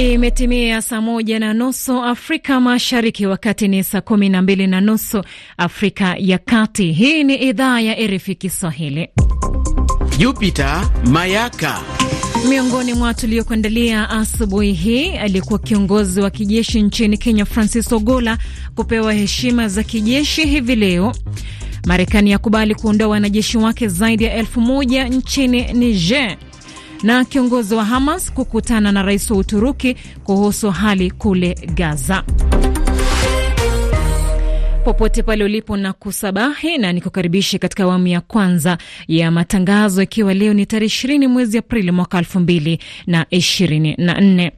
Imetimia saa moja na nusu Afrika Mashariki, wakati ni saa kumi na mbili na nusu Afrika ya Kati. Hii ni idhaa ya RFI Kiswahili. Jupita Mayaka. Miongoni mwa tuliokuandalia asubuhi hii, aliyekuwa kiongozi wa kijeshi nchini Kenya Francis Ogola kupewa heshima za kijeshi hivi leo. Marekani yakubali kuondoa wanajeshi wake zaidi ya elfu moja nchini Niger na kiongozi wa Hamas kukutana na rais wa Uturuki kuhusu hali kule Gaza. Popote pale ulipo na kusabahi na nikukaribishe katika awamu ya kwanza ya matangazo, ikiwa leo ni tarehe ishirini mwezi Aprili mwaka elfu mbili na ishirini na nne.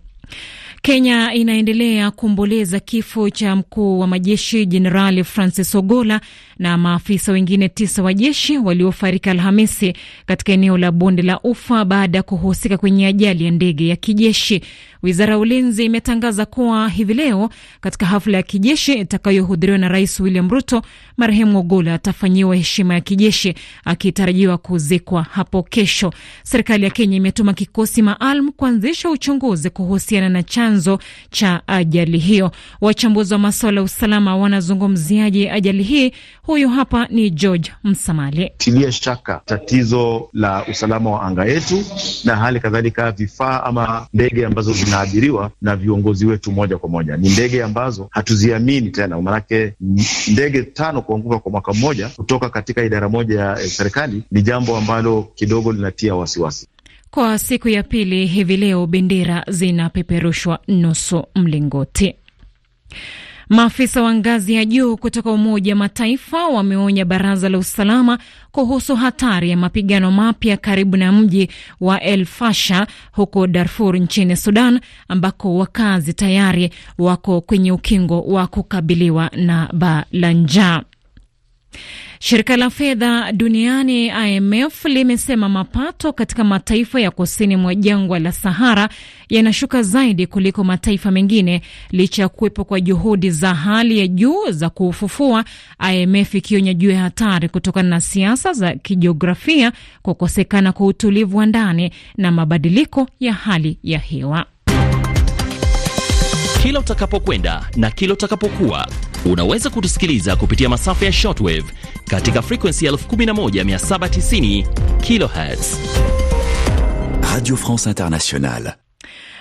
Kenya inaendelea kuomboleza kifo cha mkuu wa majeshi Jenerali Francis Ogola na maafisa wengine tisa wa jeshi waliofariki Alhamisi katika eneo la bonde la Ufa baada ya kuhusika kwenye ajali ya ndege ya kijeshi. Wizara ya ulinzi imetangaza kuwa hivi leo katika hafla ya kijeshi itakayohudhuriwa na Rais William Ruto, marehemu Ogola atafanyiwa heshima ya kijeshi akitarajiwa kuzikwa hapo kesho. Serikali ya Kenya imetuma kikosi maalum kuanzisha uchunguzi kuhusiana na chanzo cha ajali hiyo. Wachambuzi wa masuala ya usalama wanazungumziaje ajali hii? Huyu hapa ni George Msamale. Tilia shaka tatizo la usalama wa anga yetu na hali kadhalika vifaa ama ndege ambazo zinaabiriwa na viongozi wetu moja kwa moja, ni ndege ambazo hatuziamini tena, maanake ndege tano kuanguka kwa mwaka mmoja kutoka katika idara moja ya eh, serikali ni jambo ambalo kidogo linatia wasiwasi. Kwa siku ya pili hivi leo bendera zinapeperushwa nusu mlingoti. Maafisa wa ngazi ya juu kutoka Umoja wa Mataifa wameonya Baraza la Usalama kuhusu hatari ya mapigano mapya karibu na mji wa El Fasha huko Darfur nchini Sudan, ambako wakazi tayari wako kwenye ukingo wa kukabiliwa na baa la njaa. Shirika la fedha duniani IMF limesema mapato katika mataifa ya kusini mwa jangwa la Sahara yanashuka zaidi kuliko mataifa mengine licha ya kuwepo kwa juhudi za hali ya juu za kuufufua, IMF ikionya juu ya hatari kutokana na siasa za kijiografia, kukosekana kwa utulivu wa ndani na mabadiliko ya hali ya hewa. Kila utakapokwenda na kila utakapokuwa Unaweza kutusikiliza kupitia masafa ya shortwave katika ya 11790 kilohertz. Radio France Internationale.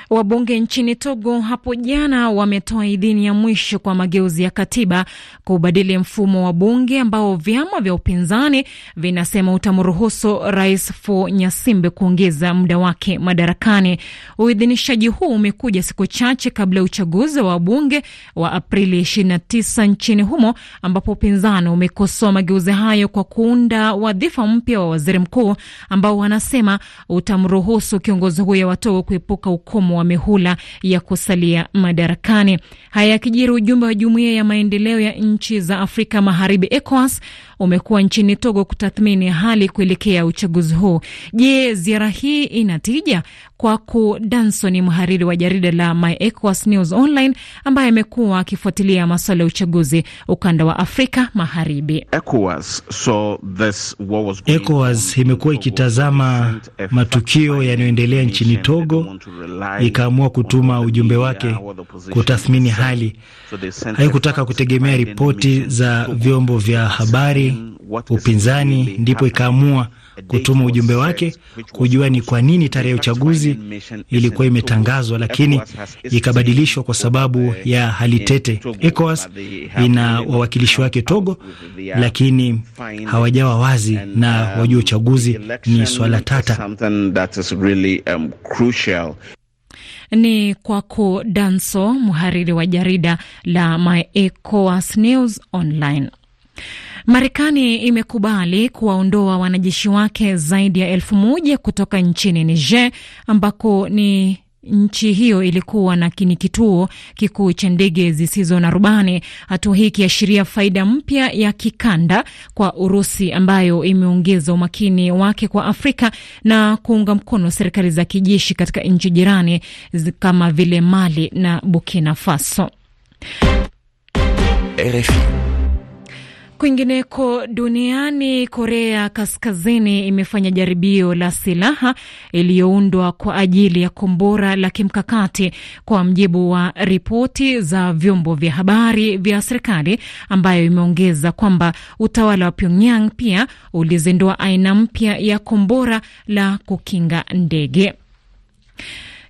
Wabunge nchini Togo hapo jana wametoa idhini ya mwisho kwa mageuzi ya katiba kubadili mfumo wa bunge ambao vyama vya upinzani vinasema utamruhusu Rais f Nyasimbe kuongeza muda wake madarakani. Uidhinishaji huu umekuja siku chache kabla ya uchaguzi wa wabunge wa Aprili 29 nchini humo ambapo upinzani umekosoa mageuzi hayo kwa kuunda wadhifa mpya wa waziri mkuu ambao wanasema utamruhusu kiongozi huyo wa Togo kuepuka ukomo wa mihula ya kusalia madarakani. Haya yakijiri, ujumbe wa jumuiya ya maendeleo ya nchi za Afrika Magharibi ECOWAS umekuwa nchini Togo kutathmini hali kuelekea uchaguzi huu. Je, ziara hii ina tija? kwako Danson mhariri wa jarida la My News Online ambaye amekuwa akifuatilia maswala ya uchaguzi ukanda wa Afrika Magharibi. ECOWAS imekuwa ikitazama matukio yanayoendelea nchini Togo, ikaamua kutuma ujumbe wake kutathmini hali. Haikutaka kutegemea ripoti za vyombo vya habari, upinzani, ndipo ikaamua kutuma ujumbe wake kujua ni kwa nini tarehe ya uchaguzi ilikuwa imetangazwa lakini ikabadilishwa kwa sababu ya hali tete. ECOWAS ina wawakilishi wake Togo, lakini hawajawa wazi na wajua uchaguzi ni swala tata. Ni kwako Danso, mhariri wa jarida la My ECOWAS News Online. Marekani imekubali kuwaondoa wanajeshi wake zaidi ya elfu moja kutoka nchini Niger ambako ni nchi hiyo ilikuwa na ni kituo kikuu cha ndege zisizo na rubani, hatua hii ikiashiria faida mpya ya kikanda kwa Urusi ambayo imeongeza umakini wake kwa Afrika na kuunga mkono serikali za kijeshi katika nchi jirani kama vile Mali na Burkina Faso. RFI. Kwingineko duniani, Korea Kaskazini imefanya jaribio la silaha iliyoundwa kwa ajili ya kombora la kimkakati, kwa mjibu wa ripoti za vyombo vya habari vya serikali, ambayo imeongeza kwamba utawala wa Pyongyang pia ulizindua aina mpya ya kombora la kukinga ndege.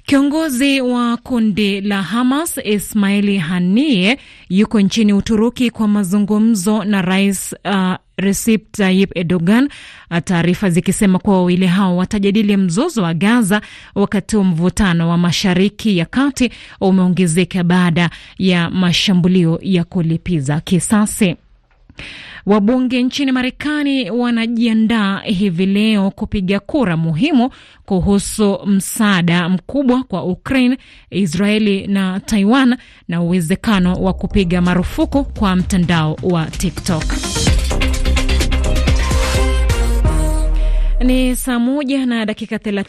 Kiongozi wa kundi la Hamas Ismaili Hanie yuko nchini Uturuki kwa mazungumzo na rais uh, Recep Tayyip Erdogan, uh, taarifa zikisema kuwa wawili hao watajadili mzozo wa Gaza wakati wa mvutano wa Mashariki ya Kati umeongezeka baada ya mashambulio ya kulipiza kisasi. Wabunge nchini Marekani wanajiandaa hivi leo kupiga kura muhimu kuhusu msaada mkubwa kwa Ukraine, Israeli na Taiwan na uwezekano wa kupiga marufuku kwa mtandao wa TikTok. Ni saa moja na dakika 30.